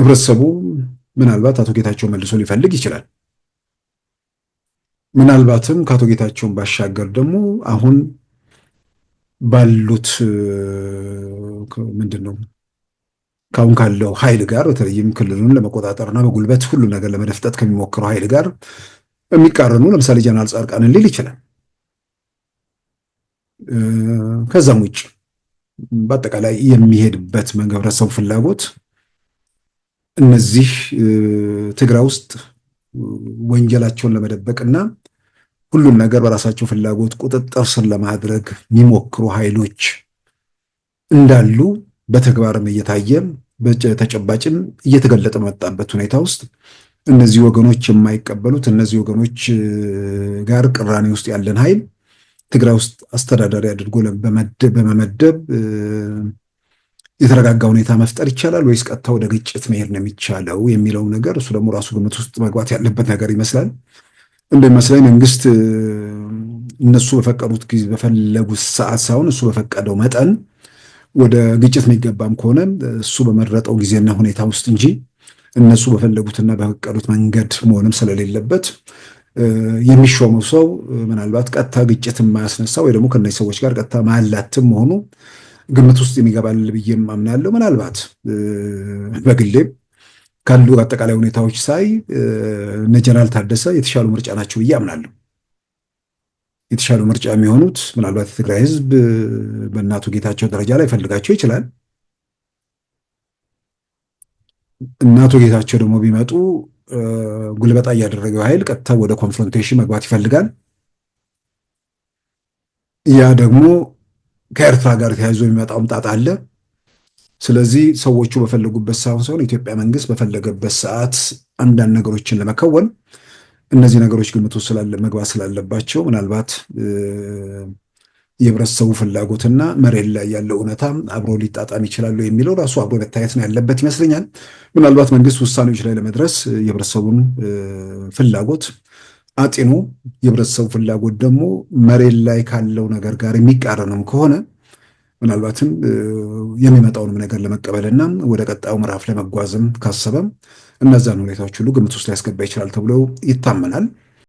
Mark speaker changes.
Speaker 1: ህብረተሰቡ ምናልባት አቶ ጌታቸው መልሶ ሊፈልግ ይችላል። ምናልባትም ከአቶ ጌታቸውን ባሻገር ደግሞ አሁን ባሉት ምንድን ነው ከአሁን ካለው ኃይል ጋር በተለይም ክልሉን ለመቆጣጠርና በጉልበት ሁሉ ነገር ለመደፍጠት ከሚሞክረው ኃይል ጋር የሚቃረኑ ለምሳሌ ጀነራል ጻድቃንን ሊል ይችላል። ከዛም ውጭ በአጠቃላይ የሚሄድበት መንገድ ህብረተሰቡ ፍላጎት እነዚህ ትግራይ ውስጥ ወንጀላቸውን ለመደበቅ እና ሁሉን ነገር በራሳቸው ፍላጎት ቁጥጥር ስር ለማድረግ የሚሞክሩ ኃይሎች እንዳሉ በተግባርም እየታየ ተጨባጭም እየተገለጠ በመጣበት ሁኔታ ውስጥ እነዚህ ወገኖች የማይቀበሉት እነዚህ ወገኖች ጋር ቅራኔ ውስጥ ያለን ኃይል ትግራይ ውስጥ አስተዳዳሪ አድርጎ በመመደብ የተረጋጋ ሁኔታ መፍጠር ይቻላል ወይስ ቀጥታ ወደ ግጭት መሄድ ነው የሚቻለው የሚለው ነገር እሱ ደግሞ ራሱ ግምት ውስጥ መግባት ያለበት ነገር ይመስላል። እንደሚመስለኝ መንግስት እነሱ በፈቀዱት ጊዜ በፈለጉት ሰዓት ሳይሆን እሱ በፈቀደው መጠን ወደ ግጭት የሚገባም ከሆነ እሱ በመረጠው ጊዜና ሁኔታ ውስጥ እንጂ እነሱ በፈለጉትና በፈቀዱት መንገድ መሆንም ስለሌለበት የሚሾመው ሰው ምናልባት ቀጥታ ግጭት የማያስነሳ ወይ ደግሞ ከነዚህ ሰዎች ጋር ቀጥታ ማላትም መሆኑ ግምት ውስጥ የሚገባል ብዬም አምናለሁ። ምናልባት በግሌም ካሉ አጠቃላይ ሁኔታዎች ሳይ እነ ጀነራል ታደሰ የተሻሉ ምርጫ ናቸው ብዬ አምናለሁ። የተሻሉ ምርጫ የሚሆኑት ምናልባት የትግራይ ሕዝብ በእናቱ ጌታቸው ደረጃ ላይ ፈልጋቸው ይችላል። እናቱ ጌታቸው ደግሞ ቢመጡ ጉልበጣ እያደረገው ኃይል ቀጥታ ወደ ኮንፍሮንቴሽን መግባት ይፈልጋል። ያ ደግሞ ከኤርትራ ጋር ተያይዞ የሚመጣውም ጣጣ አለ። ስለዚህ ሰዎቹ በፈለጉበት ሳይሆን ሳይሆን የኢትዮጵያ መንግስት በፈለገበት ሰዓት አንዳንድ ነገሮችን ለመከወን እነዚህ ነገሮች ግምት ውስጥ መግባት ስላለባቸው ምናልባት የህብረተሰቡ ፍላጎትና መሬት ላይ ያለው እውነታ አብሮ ሊጣጣም ይችላሉ የሚለው ራሱ አብሮ መታየት ነው ያለበት ይመስለኛል። ምናልባት መንግስት ውሳኔዎች ላይ ለመድረስ የህብረተሰቡን ፍላጎት አጤኑ የህብረተሰቡ ፍላጎት ደግሞ መሬት ላይ ካለው ነገር ጋር የሚቃረንም ከሆነ ምናልባትም የሚመጣውንም ነገር ለመቀበልና ወደ ቀጣዩ ምዕራፍ ለመጓዝም ካሰበም እነዛን ሁኔታዎች ሁሉ ግምት ውስጥ ሊያስገባ ይችላል ተብሎ ይታመናል።